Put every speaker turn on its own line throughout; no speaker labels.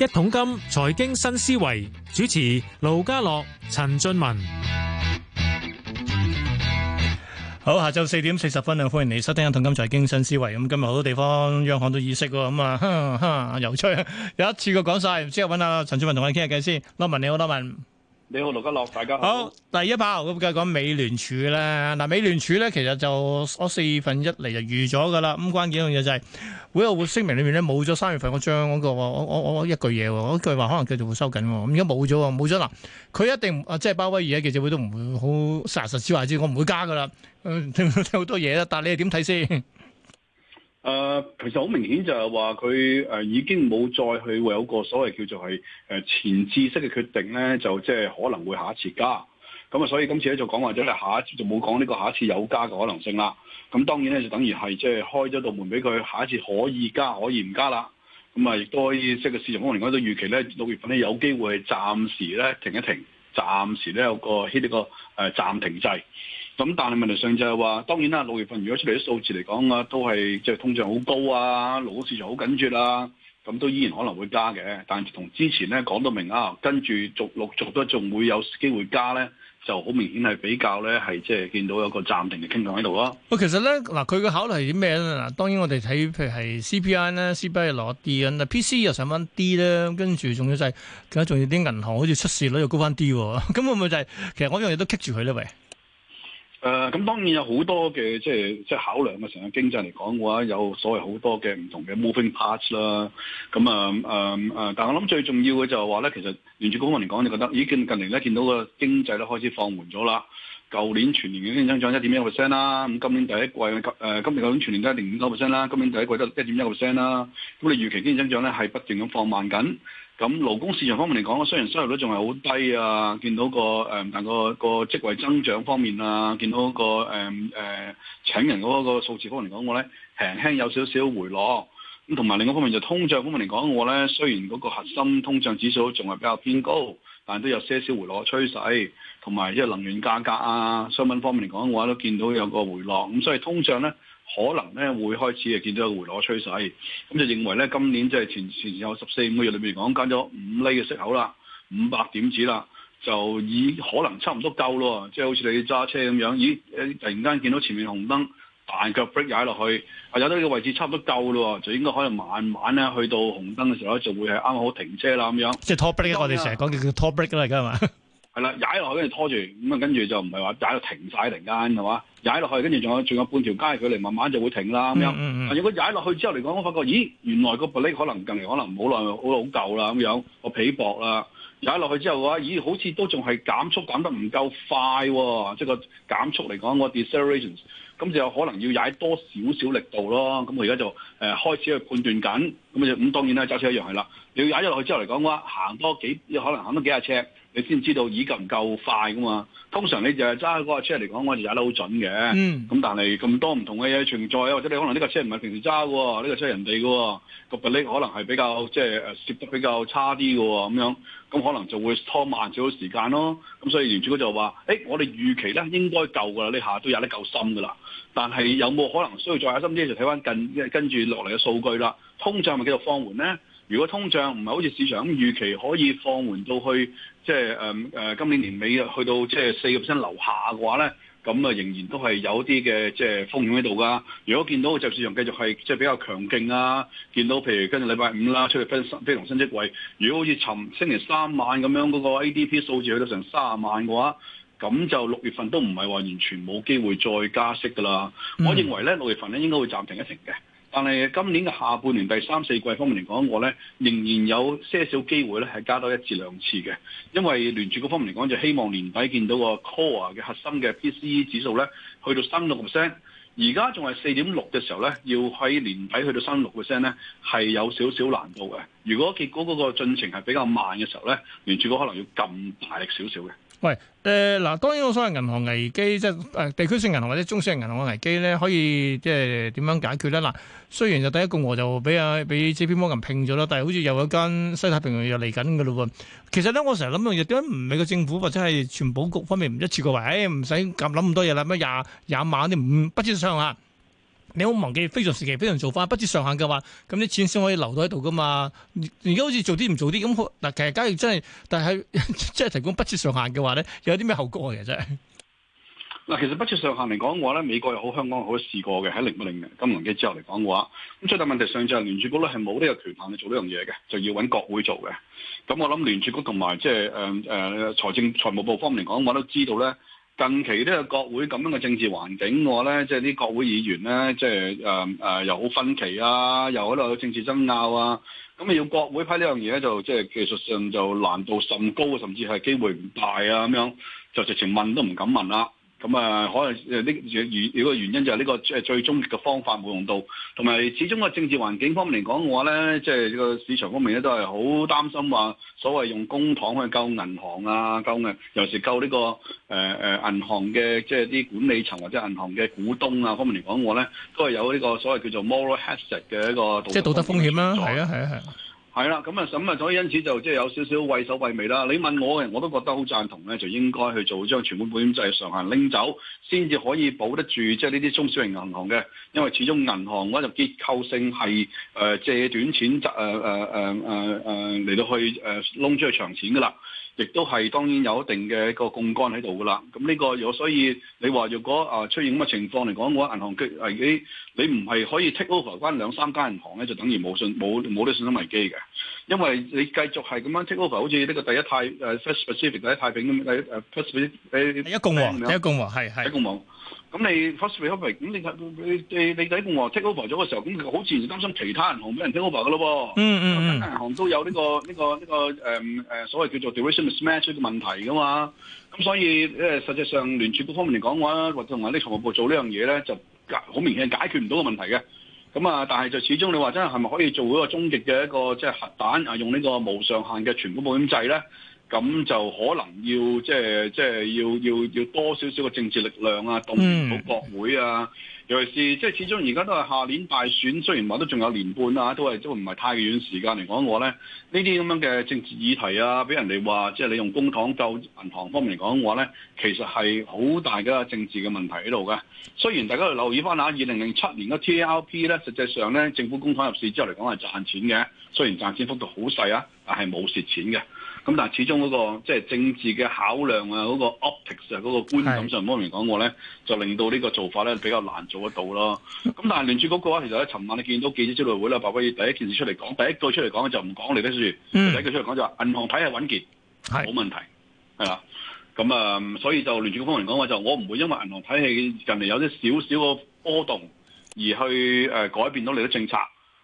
一桶金財經新思維，主持盧家樂、陳俊文，好，下晝四點四十分啊，歡迎你收聽一桶金財經新思維。咁今日好多地方央行都意識，咁、嗯、啊，有趣。有一次佢講晒，之後揾阿陳俊文同我傾下偈先。多文你好，好多文你好，羅家樂，大家好。好，第一炮咁繼續講美聯儲啦。嗱，美聯儲咧其實就我四分一嚟就預咗噶啦。咁關鍵嘅嘢就係、是、會有會聲明裏面咧冇咗三月份我張嗰、那個，我我我一句嘢，我,我一句話,一句話可能繼續會收緊。咁而家冇咗，冇咗嗱。佢、啊、一定即係鮑威爾喺記者會都唔會好實在實之話之，我唔會加噶啦。聽、呃、好多嘢啦，但係你又點睇先？
誒、呃，其實好明顯就係話佢已經冇再去有個所謂叫做係前置式嘅決定咧，就即係可能會下一次加，咁啊，所以今次咧就講話，就係下一次就冇講呢個下一次有加嘅可能性啦。咁當然咧就等於係即係開咗道門俾佢下一次可以加，可以唔加啦。咁啊，亦都可以即係個市場可能講到預期咧，六月份咧有機會係暫時咧停一停，暫時咧有個 hit 呢個暫停制。咁但係問題上就係話，當然啦，六月份如果出嚟啲數字嚟講啊，都係即係通脹好高啊，勞工市場好緊缺啊，咁都依然可能會加嘅。但係同之前咧講到明啊，跟住逐陸逐都仲會有機會加咧，就好明顯係比較咧係即係見到有個暫停嘅傾向喺度咯。
喂，其實咧嗱，佢嘅考慮係啲咩咧？嗱，當然我哋睇譬如係 CPI 咧，CPI 落啲啊，PC 又上翻啲啦，跟住仲要就係而家仲要啲銀行好似出事率又高翻啲喎，咁會唔會就係其實嗰樣嘢都棘住佢咧？喂！
誒、呃、咁當然有好多嘅即係即係考量嘅成個經濟嚟講嘅話，有所謂好多嘅唔同嘅 moving parts 啦。咁啊啊啊！但係我諗最重要嘅就係話咧，其實連住公民嚟講，你覺得已經近年咧見到個經濟都開始放緩咗啦。舊年全年嘅經濟增長一點一個 percent 啦。咁今年第一季誒、呃、今年嘅全年都係零點多 percent 啦。今年第一季都一點一個 percent 啦。咁你預期經濟增長咧係不斷咁放慢緊。咁勞工市場方面嚟講，我雖然收入率仲係好低啊，見到個誒、嗯，但、嗰個、嗰個職位增長方面啊，見到、嗰個誒誒、嗯呃、請人嗰個數字方面嚟講，我咧輕輕有少少回落。咁同埋另外一方面就通脹方面嚟講，我咧雖然嗰個核心通脹指數仲係比較偏高，但都有些少回落嘅趨勢。同埋即係能源價格啊、商品方面嚟講，我都見到有個回落。咁所以通脹咧，可能咧會開始誒見到個回落趨勢，咁就認為咧今年即係前，前前有十四五個月裏邊講緊咗五厘嘅息口啦，五百點子啦，就已可能差唔多夠咯。即係好似你揸車咁樣，咦，突然間見到前面紅燈，大腳 break 踩落去，踩到呢個位置差唔多夠咯，就應該可能慢慢咧去到紅燈嘅時候咧，就會係啱好停車啦咁樣。
即係拖 break 我哋成日講叫拖 break 啦，而家係嘛。
係啦，踩落去跟住拖住，咁啊跟住就唔係話踩到停晒，突然間係嘛？踩落去跟住仲有仲有半條街距離，慢慢就會停啦咁樣。如果踩落去之後嚟講，我發覺咦，原來個 brake 可能近嚟可能唔好耐好老舊啦咁樣，個皮薄啦。踩落去之後嘅話，咦，好似都仲係減速減得唔夠快，啊，即係個減速嚟講個 deceleration。咁就有可能要踩多少少力度咯。咁我而家就誒、呃、開始去判斷緊。咁啊，咁當然啦，揸車一樣係啦。你要踩咗落去之後嚟講嘅話，行多幾可能行多幾廿尺。你先知道，以及唔夠快㗎嘛？通常你就係揸嗰架車嚟講，我哋踩得好準嘅。咁、嗯、但係咁多唔同嘅嘢存在啊，或者你可能呢架車唔係平時揸㗎，呢、呢架車人哋嘅個比例可能係比較即係誒攝得比較差啲嘅咁樣，咁可能就會拖慢少少時間咯。咁所以原主席就話，誒、欸，我哋預期咧應該夠㗎喇，呢下都踩得夠深㗎喇。但係有冇可能需要再踩深啲？就睇翻近跟住落嚟嘅數據啦。通脹咪繼續放緩咧？如果通脹唔係好似市場咁預期可以放緩到去，即係誒今年年尾去到即係四 percent 樓下嘅話咧，咁啊仍然都係有啲嘅即係風險喺度㗎。如果見到就市場繼續係即係比較強勁啊，見到譬如跟住禮拜五啦，出去非農新職位。如果好似尋星期三晚咁樣嗰、那個 ADP 數字去到成三啊萬嘅話，咁就六月份都唔係話完全冇機會再加息㗎啦、嗯。我認為咧六月份咧應該會暫停一停嘅。但係今年嘅下半年第三四季方面嚟講，我咧仍然有些少機會咧，係加多一至兩次嘅。因為聯儲局方面嚟講，就希望年底見到個 core 嘅核心嘅 PCE 指數咧，去到三六個 percent。而家仲係四點六嘅時候咧，要喺年底去到三六個 percent 咧，係有少少難度嘅。如果結果嗰個進程係比較慢嘅時候咧，聯儲局可能要撳大力少少嘅。
喂，誒，嗱，當然我所謂，銀行危機即係誒，地區性銀行或者中小型銀行嘅危機咧，可以即係點樣解決咧？嗱，雖然就第一共和我就俾阿俾 JPMorgan 拼咗啦，但係好似又有間西太平洋又嚟緊嘅咯喎。其實咧，我成日諗住，點解唔係美國政府或者係存保局方面唔一次過話，誒、欸，唔使咁諗咁多嘢啦，乜廿廿萬啲唔不知上下。你好忘記非常時期，非常做法、不設上限嘅話，咁啲錢先可以留到喺度噶嘛？而家好似做啲唔做啲咁，嗱，其實假如真係，但係即係提供不設上限嘅話咧，又有啲咩後果嘅真係？
嗱， 其實不設上限嚟講嘅話咧，美國又好，香港又好試過嘅，喺零不零嘅。金融機之後嚟講嘅話，咁最大問題上就係、是、聯儲局咧係冇呢個權限去做呢樣嘢嘅，就要揾國會做嘅。咁我諗聯儲局同埋即係誒誒財政財務部方面嚟講，我都知道咧。近期呢個國會咁樣嘅政治環境，我咧即係啲國會議員咧，即係誒誒又好分歧啊，又喺度有政治爭拗啊，咁要國會批呢樣嘢咧，就即係、就是、技術上就難度甚高，甚至係機會唔大啊，咁樣就直情問都唔敢問啦。咁啊，可能誒呢原原個原因就係呢個最終嘅方法冇用到，同埋始終個政治環境方面嚟講嘅話咧，即係呢個市場方面咧都係好擔心話所謂用公帑去救銀行啊，尤其救嘅有時救呢個誒誒銀行嘅即係啲管理層或者銀行嘅股東啊方面嚟講嘅話咧都係有呢個所謂叫做 moral hazard 嘅一個，即係道德
風險啦，係啊係啊
係啦，咁啊，咁啊，所以因此就即係有少少畏首畏尾啦。你問我嘅，我都覺得好贊同咧，就應該去做將存款保險制度上限拎走，先至可以保得住即係呢啲中小型銀行嘅，因為始終銀行嗰度結構性係誒借短錢集誒誒誒誒嚟到去誒窿出去長錢噶啦。亦都係當然有一定嘅一個槓桿喺度㗎啦，咁呢、呢個有所以你話如果啊、呃、出現咁嘅情況嚟講我銀行佢危機你你唔係可以 take over 翻兩三間銀行咧，就等於冇信冇冇啲信心危機嘅，因為你繼續係咁樣 take over，好似呢個第一太誒、uh, First Pacific 第一太平咁誒 push，第一共和，一共和，係係咁你 First Republic 咁你你你你你共和 take over 咗嘅時候，咁佢好似擔心其他銀行俾人 take over 噶咯喎。嗯嗯嗯。嗯銀行都有呢、這個呢、這個呢、這個誒誒、呃、所謂叫做 duration mismatch 嘅問題噶嘛。咁所以誒、呃、實際上聯儲局方面嚟講嘅話，或者同埋啲財務部做呢樣嘢咧，就好明顯解決唔到個問題嘅。咁啊，但係就始終你話真係係咪可以做一個終極嘅一個即係、就是、核彈啊？用呢個無上限嘅存款保險制咧？咁就可能要即係即係要要要多少少嘅政治力量啊，動員到國會啊，尤其是即係始終而家都係下年大選，雖然話都仲有年半啊，都係都唔係太遠時間嚟講嘅話咧，呢啲咁樣嘅政治議題啊，俾人哋話即係你用公帑救銀行方面嚟講嘅話咧，其實係好大嘅政治嘅問題喺度嘅。雖然大家都留意翻下，二零零七年嗰 TARP 咧，實際上咧政府公帑入市之後嚟講係賺錢嘅，雖然賺錢幅度好細啊，但係冇蝕錢嘅。咁但係始終嗰、那個即係政治嘅考量啊，嗰、那個 optics 啊，嗰、那個觀感上方面講過咧，就令到呢個做法咧比較難做得到咯。咁但係聯儲局嘅話，其實呢尋晚你見到記者招待會啦，鮑威爾第一件事出嚟講，第一句出嚟講就唔講嚟得住，第一句出嚟講就話、是、銀行體系穩健，冇問題，係啦。咁啊、嗯，所以就聯儲局方面講話就，我唔會因為銀行體系近嚟有啲少少個波動，而去、呃、改變到你嘅政策。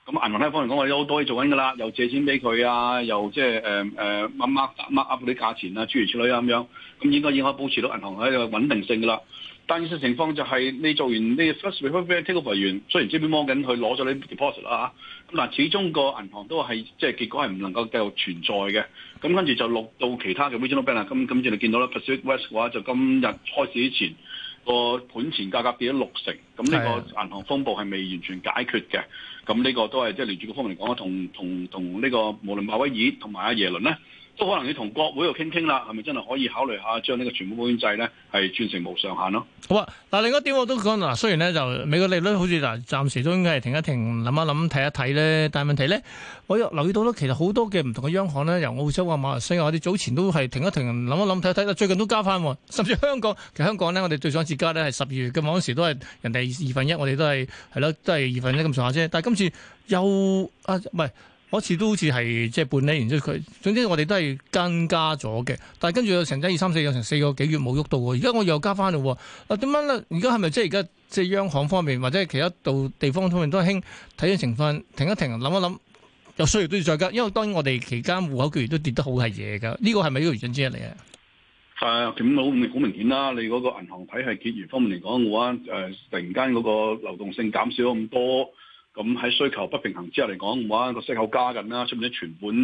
咁銀行一方嚟講，我有好多嘢做緊㗎啦，又借錢俾佢啊，又即係誒誒，mark mark up 啲價錢啊，諸如此類啊咁樣，咁應該應該可以保持到銀行嘅個穩定性㗎啦。但現實情況就係、是、你做完，你，做完你 first repayment takeover 完，雖然即係邊摸緊去攞咗啲 deposit 啦嚇，咁、啊、嗱，始終個銀行都係即係結果係唔能夠繼續存在嘅。咁跟住就落到其他嘅 regional bank 啦。咁跟住你見到啦，Pacific West 嘅話就今日開始前、個盤前價格跌咗六成。咁呢個銀行風暴係未完全解決嘅。咁呢個都係即係聯儲局方面嚟講，同同同呢個無論鮑威爾同埋阿耶倫咧，都可能要同國會又傾傾啦，係咪真係可以考慮下將呢個全部保險制咧係轉成無上限咯？
好啊，嗱另一點我都講嗱，雖然咧就美國利率好似嗱暫時都應該係停一停，諗一諗，睇一睇咧，但問題咧，我又留意到咧，其實好多嘅唔同嘅央行咧，由澳洲啊、馬來西亞，我哋早前都係停一停，諗一諗，睇一睇最近都加翻喎。甚至香港其實香港咧，我哋最上一次加咧係十二月嘅嗰陣時都係人哋二分一，我哋都係係咯，都係二分一咁上下啫。但係今次又啊唔係。啊啊啊啊啊啊我次都好似係即係半年，然之後佢，總之我哋都係跟加咗嘅，但係跟住有成一二三四，有成四個幾月冇喐到喎，而家我又加翻嘞，啊點樣咧？而家係咪即係而家即係央行方面或者係其他度地方方面都興睇緊情況，停一停，諗一諗，有需要都要再加，因為當然我哋期間戶口結餘都跌得好係嘢㗎，呢個係咪呢條原因之一嚟
嘅？係啊，咁好明好明顯啦，你嗰個銀行體系結餘方面嚟講，我覺、呃、突然間嗰個流動性減少咗咁多。咁喺需求不平衡之下嚟講嘅話，個息口加緊啦，出面啲存款、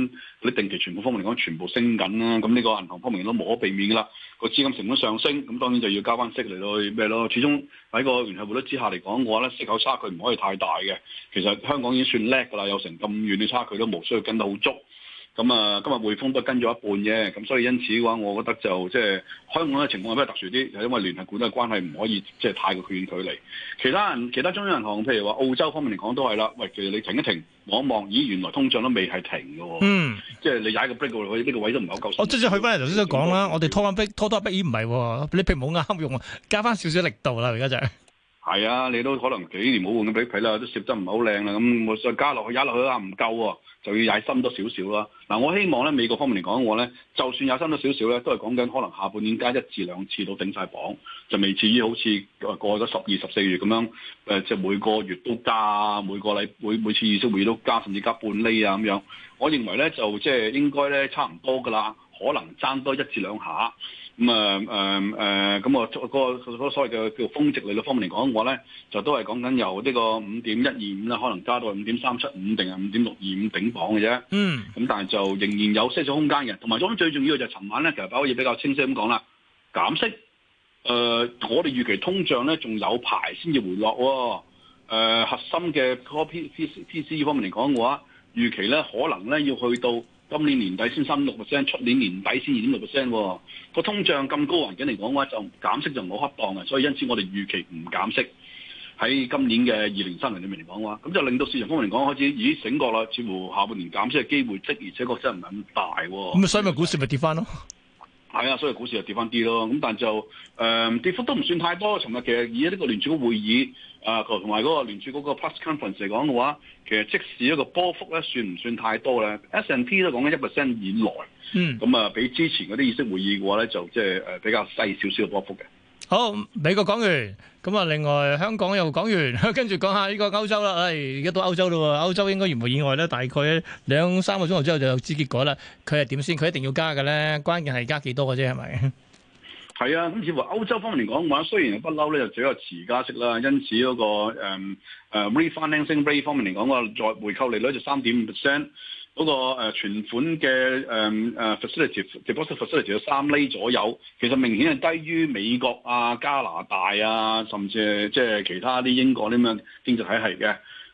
啲定期存款方面嚟講，全部升緊啦。咁呢個銀行方面都無可避免噶啦，個資金成本上升，咁當然就要加翻息嚟到咩咯？始終喺個聯繫匯率之下嚟講嘅話咧，息口差距唔可以太大嘅。其實香港已經算叻噶啦，有成咁遠嘅差距都冇需要跟到好足。咁啊，今日匯豐都跟咗一半嘅，咁所以因此嘅話，我覺得就即係香港嘅情況係比較特殊啲，就因為聯繫管嘅關係唔可以即係太過遠距離。其他人，其他中央銀行，譬如話澳洲方面嚟講都係啦。喂，其實你停一停望一望，咦，原來通脹都未係停㗎喎。嗯。即係你踩個 brake，呢個位都唔夠夠，嗯。我即即去
去翻頭先講啦，我哋拖翻 break，拖多 break 已唔係喎，你皮冇啱用加翻少少力度啦，而家就是。
係啊，你都可能幾年冇換咁俾佢啦，都攝得唔係好靚啦。咁我再加落去，加落去啊，唔夠喎，就要踩深多少少啦。嗱、啊，我希望咧美國方面嚟講嘅話咧，就算踩深多少少咧，都係講緊可能下半年加一至兩次到頂曬榜，就未至於好似過咗十二十四月咁樣即係、呃、每個月都加，每個禮每每次議息會都加，甚至加半厘啊咁樣。我認為咧就即係應該咧差唔多㗎啦。可能爭多一至兩下咁啊，誒誒，咁我作所謂嘅叫峰值利率方面嚟講嘅話咧，就都係講緊由呢個五點一二五啦，可能加到五點三七五定係五點六二五頂榜嘅啫。嗯，咁但係就仍然有些少空間嘅。同埋咁最重要就係尋晚咧，其實可以比較清晰咁講啦，減息。誒、呃，我哋預期通脹咧仲有排先至回落。誒、呃，核心嘅個 PCE 方面嚟講嘅話，預期咧可能咧要去到。今年年底先三點六個 percent，出年年底先二點六個 percent。個通脹咁高環境嚟講，話就減息就唔好恰當啊！所以因此我哋預期唔減息，喺今年嘅二零三零年嚟講話，咁就令到市場方面嚟講開始咦醒覺啦，似乎下半年減息嘅機會即而且確實唔係咁大。咁
所以咪股市咪跌翻咯？
係啊，所以股市就跌翻啲咯。咁但就誒、呃、跌幅都唔算太多。尋日其實以呢個聯儲會會議啊，同埋嗰個聯儲嗰個 press conference 嚟講嘅話，其實即使一個波幅咧，算唔算太多咧？S&P 都講緊一 percent 以內。嗯，咁啊，比之前嗰啲議息會議嘅話咧，就即係比較細少少嘅波幅嘅。
好，美國講完，咁啊，另外香港又講完，跟住講下呢個歐洲啦。唉，而家到歐洲咯，歐洲應該如無意外咧，大概兩三個鐘頭之後就有知結果啦。佢係點先？佢一定要加嘅咧，關鍵係加幾多嘅啫，係咪？
係啊，咁似乎歐洲方面嚟講嘅話，雖然係不嬲咧，就只有持加息啦。因此嗰個誒誒 refinancing rate 方面嚟講嘅，再回購利率就三點五 percent。嗰、那個、呃、存款嘅誒誒 facility deposit facility 有三厘左右，其實明顯係低於美國啊、加拿大啊，甚至係即係其他啲英國啲咁樣的經濟體系嘅。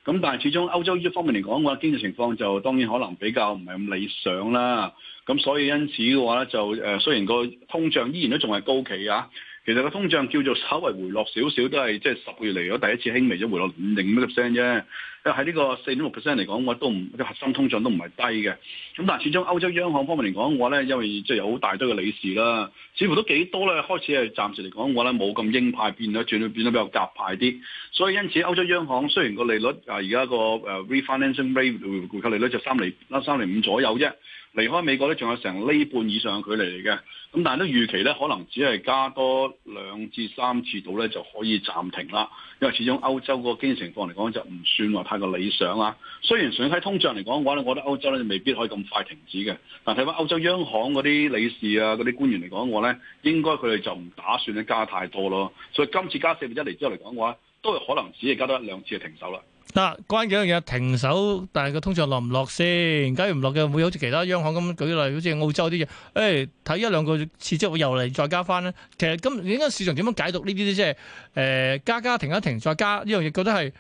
咁但係始終歐洲呢一方面嚟講嘅話，經濟情況就當然可能比較唔係咁理想啦。咁所以因此嘅話咧，就、呃、誒雖然個通脹依然都仲係高企啊。其實個通脹叫做稍微回落少少，都係即係十個月嚟咗第一次輕微咗回落五零 percent 啫。喺呢個四點六 percent 嚟講，我都唔即核心通脹都唔係低嘅。咁但係始終歐洲央行方面嚟講，我咧因為即係有好大堆嘅理事啦，似乎都幾多咧，開始係暫時嚟講，我咧冇咁鷹派，變咗轉變得比較雜派啲。所以因此歐洲央行雖然個利率啊，而家個誒 refinancing rate 回購利率就三厘三釐五左右啫。離開美國咧，仲有成呢半以上嘅距離嚟嘅，咁但係都預期咧，可能只係加多兩至三次到咧就可以暫停啦。因為始終歐洲嗰個經濟情況嚟講就唔算話太過理想啊。雖然上喺通脹嚟講嘅話咧，我覺得歐洲咧未必可以咁快停止嘅。但係睇翻歐洲央行嗰啲理事啊、嗰啲官員嚟講嘅話咧，應該佢哋就唔打算咧加太多咯。所以今次加四分一嚟之後嚟講嘅話，都係可能只係加多一兩次就停手啦。
嗱，關幾樣嘢停手，但係個通脹落唔落先？假如唔落嘅，會好似其他央行咁舉例，好似澳洲啲嘢，誒、欸、睇一兩個次之後又嚟再加翻咧。其實咁，而家市場點樣解讀呢啲啲即係誒加加停一停，再加呢樣嘢，覺得係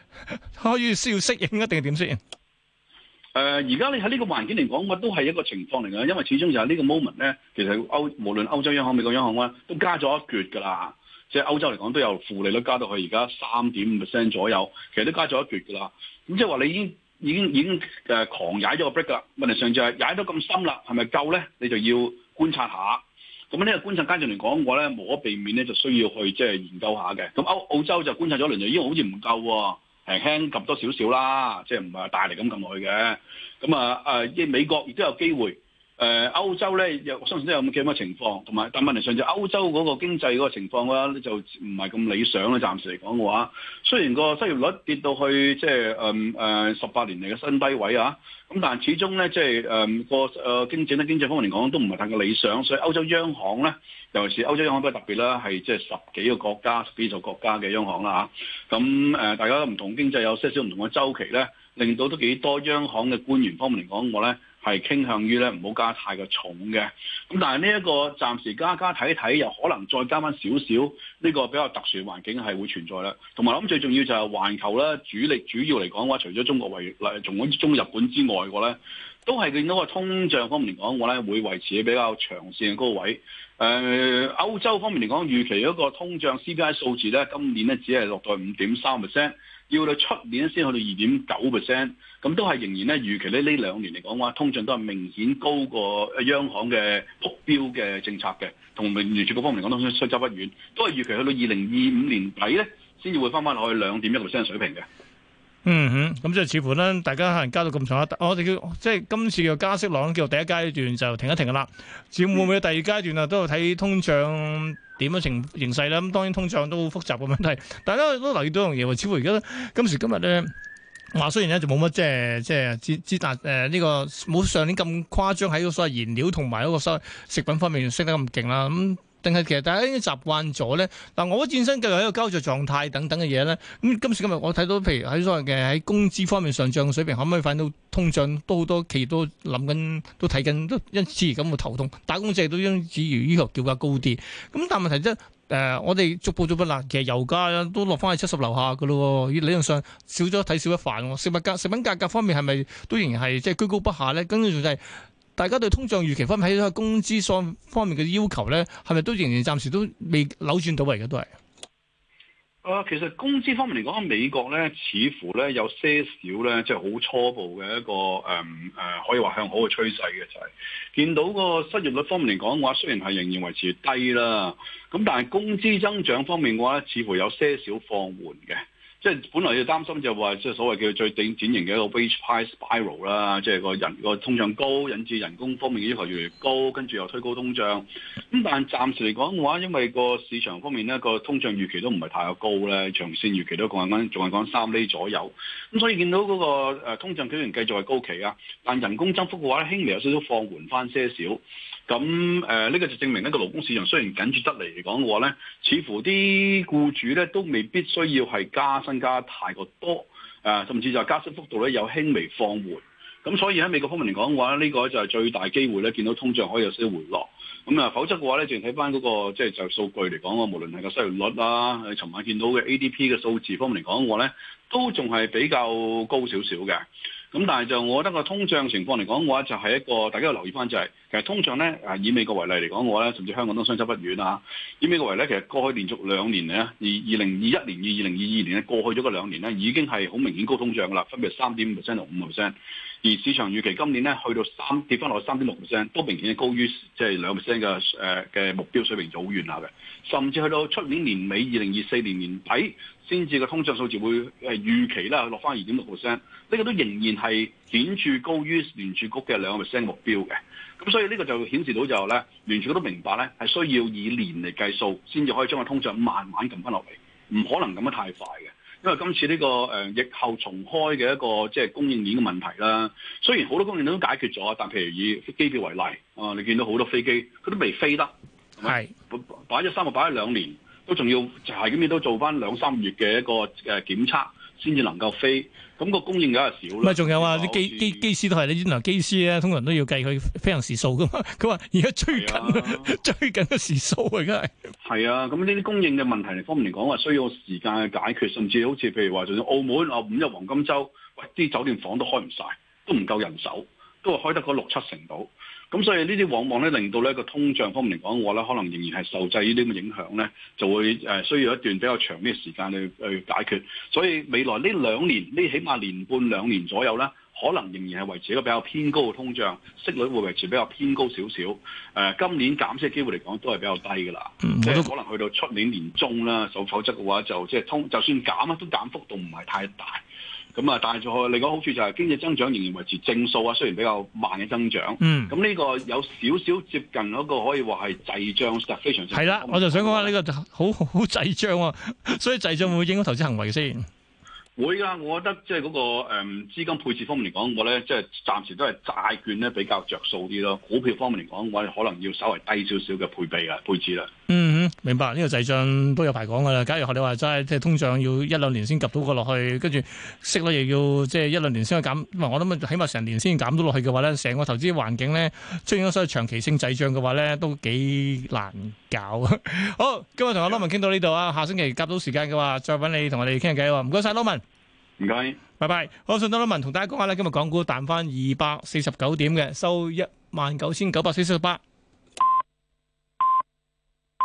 可以需要適應一定係點先？
誒，而、呃、家你喺呢個環境嚟講，乜都係一個情況嚟㗎。因為始終就係呢個 moment 咧，其實歐無論歐洲央行、美國央行啦，都加咗一橛㗎啦。即係歐洲嚟講，都有負利率加到去而家三點五 percent 左右，其實都加咗一橛㗎啦。咁即係話你已經已經已經誒狂踩咗個 break 啦。問題上就係踩到咁深啦，係咪夠咧？你就要觀察下。咁呢個觀察階段嚟講嘅話咧，無可避免咧，就需要去即係、就是、研究下嘅。咁歐澳洲就觀察咗聯儲，已經好似唔夠喎，輕輕撳多少少啦，即係唔係大力咁撳落去嘅。咁啊誒，即係美國亦都有機會。誒、呃、歐洲咧，又我相信都有咁嘅情況，同埋但問題上就歐洲嗰個經濟嗰個情況嘅話，就唔係咁理想啦。暫時嚟講嘅話，雖然個失業率跌到去即係誒誒十八年嚟嘅新低位啊，咁但係始終咧即係誒個誒經濟咧，經濟方面嚟講都唔係太過理想，所以歐洲央行咧，尤其是歐洲央行比較特別啦，係即係十幾個國家幾組國家嘅央行啦咁，啊啊、大家唔同經濟有些少唔同嘅周期咧，令到都幾多央行嘅官員方面嚟講我咧。係傾向於咧唔好加太過重嘅，咁但係呢一個暫時加加睇睇，又可能再加翻少少，呢個比較特殊環境係會存在啦。同埋諗最重要就係環球咧主力，主要嚟講嘅話，除咗中國為嚟管中日本之外嘅話咧，都係見到個通脹方面嚟講嘅話咧，會維持喺比較長線嘅高位。誒、呃、歐洲方面嚟講，預期嗰個通脹 CPI 數字咧，今年咧只係落到五點三 percent，要到出年先去到二點九 percent，咁都係仍然咧預期咧呢兩年嚟講話通脹都係明顯高過央行嘅目標嘅政策嘅，同完全各方面嚟講都相差不遠，都係預期去到二零二五年底咧，先至會翻翻落去兩點一 percent 水平嘅。
嗯哼，咁即係似乎咧，大家可能加到咁重啦。我哋叫即係今次嘅加息浪叫做第一階段，就停一停噶啦。會唔會第二階段啊？都要睇通脹點樣形形勢啦。咁當然通脹都好複雜嘅問題。大家都留意到樣嘢，似乎而家今時今日咧，話雖然咧就冇乜即係即係之誒呢個冇上年咁誇張，喺個所謂燃料同埋嗰個所謂食品方面升得咁勁啦咁。嗯定係其實大家已經習慣咗咧，嗱，我嘅戰爭繼續喺個膠著狀態等等嘅嘢咧。咁今時今日我睇到，譬如喺所謂嘅喺工資方面上漲嘅水平，可唔可以反映到通脹？都好多企業都諗緊，都睇緊，都因此而咁嘅頭痛。打工仔都因此而要求叫價高啲。咁但係問題即、就、係、是呃，我哋逐步逐步嗱，其實油價都落翻喺七十樓下嘅咯。理論上少咗睇少一煩。食物價食品價格方面係咪都仍然係即係居高不下咧？跟住就係、是。大家對通脹預期方面，翻起工資方方面嘅要求咧，係咪都仍然暫時都未扭轉到嚟？嘅都係，
啊，其實工資方面嚟講，美國咧似乎咧有些少咧，即係好初步嘅一個誒誒、嗯呃，可以話向好嘅趨勢嘅就係、是，見到個失業率方面嚟講嘅話，雖然係仍然維持低啦，咁但係工資增長方面嘅話咧，似乎有些少放緩嘅。即係本來要擔心就話，即係所謂叫最頂典型嘅一個 wage price spiral 啦，即係個人個通脹高，引致人工方面嘅要求越嚟越高，跟住又推高通脹。咁但係暫時嚟講嘅話，因為個市場方面呢個通脹預期都唔係太過高咧，長線預期都講緊，仲係講三厘左右。咁所以見到嗰個通脹表現繼續係高企啊，但人工增幅嘅話咧，輕微有少少放緩翻些少。咁誒呢個就證明呢個勞工市場雖然緊住得嚟嚟講嘅話咧，似乎啲僱主咧都未必需要係加薪，增加太過多，誒，甚至就加息幅度咧有輕微放緩，咁所以喺美國方面嚟講嘅話，呢個就係最大機會咧，見到通脹可以有少少回落，咁啊，否則嘅話咧，淨係睇翻嗰個即係就數據嚟講啊，無論係個失業率啊，誒，尋晚見到嘅 ADP 嘅數字方面嚟講嘅話咧，都仲係比較高少少嘅。咁但係就，我覺得個通脹情況嚟講嘅話，就係一個大家要留意翻，就係其實通脹咧，啊，以美國為例嚟講嘅話咧，甚至香港都相差不遠啊。以美國為例，其實過去連續兩年咧，而二零二一年、二二零二二年咧，過去咗嗰兩年咧，已經係好明顯高通脹㗎啦，分別係三點五 percent 同五 percent。而市場預期今年咧去到三跌翻落去三點六 percent，都明顯係高於即係兩 percent 嘅誒嘅目標水平就好遠下嘅。甚至去到出年年尾、二零二四年年底先至個通脹數字會誒、呃、預期啦落翻二點六 percent，呢個都仍然係顯著高於聯儲局嘅兩個 percent 目標嘅。咁所以呢個就顯示到就咧聯儲局都明白咧係需要以年嚟計數，先至可以將個通脹慢慢撳翻落嚟，唔可能咁得太快嘅。因為今次呢個誒疫後重開嘅一個即係供應鏈嘅問題啦，雖然好多供應鏈都解決咗，但譬如以機票為例，啊，你見到好多飛機佢都未飛得，係擺咗三個，擺咗兩年都仲要就係咁你都做翻兩三月嘅一個誒檢測。先至能夠飛，咁個供應梗係少啦。唔係，仲有啊啲機
機機師都係，你原來機師咧，通常都要計佢飛行時數噶嘛。佢話而家最近、啊、最近嘅時數啊，而
家係。係啊，咁呢啲供應嘅問題嚟方面嚟講啊，需要時間去解決，甚至好似譬如話，就算澳門啊，五一黃金周，喂、哎、啲酒店房都開唔晒，都唔夠人手，都係開得嗰六七成度。咁所以呢啲往往咧令到咧個通脹方面嚟講，嘅話咧可能仍然係受制於呢啲咁嘅影響咧，就會誒、呃、需要一段比較長啲嘅時間去去解決。所以未來呢兩年，呢起碼年半兩年左右咧，可能仍然係維持一個比較偏高嘅通脹，息率會維持比較偏高少少。誒、呃，今年減息嘅機會嚟講都係比較低㗎啦，即、嗯、係、就是、可能去到出年年中啦，否否則嘅話就即係通，就算減啊都減幅度唔係太大。咁啊，但係另外一個好處就係經濟增長仍然維持正數啊，雖然比較慢嘅增長。嗯，咁呢個有少少接近嗰個可以話係滯脹，非常之。係啦，我
就想講下呢個好好滯脹啊，所以滯脹會唔會影響投資行為先？
會噶，我覺得即係嗰個誒資、嗯、資金配置方面嚟講，我咧即係暫時都係債券咧比較着數啲咯。股票方面嚟講，我哋可能要稍微低少少嘅配備啊，配置啦。
嗯哼，明白呢個滯脹都有排講噶啦。假如學你話齋，即係通脹要一兩年先及到個落去，跟住息率亦要即係一兩年先可以減。唔係我諗起碼成年先減到落去嘅話咧，成個投資環境咧，出現咗所謂長期性滯脹嘅話咧，都幾難搞。好，今日同阿 Low 文傾到呢度啊，下星期夾到時間嘅話，再揾你同我哋傾偈。唔該晒 Low 文，唔該，拜拜。好，順多 Low 文同大家講下咧，今日港股彈翻二百四十九點嘅，收一萬九千九百四十八。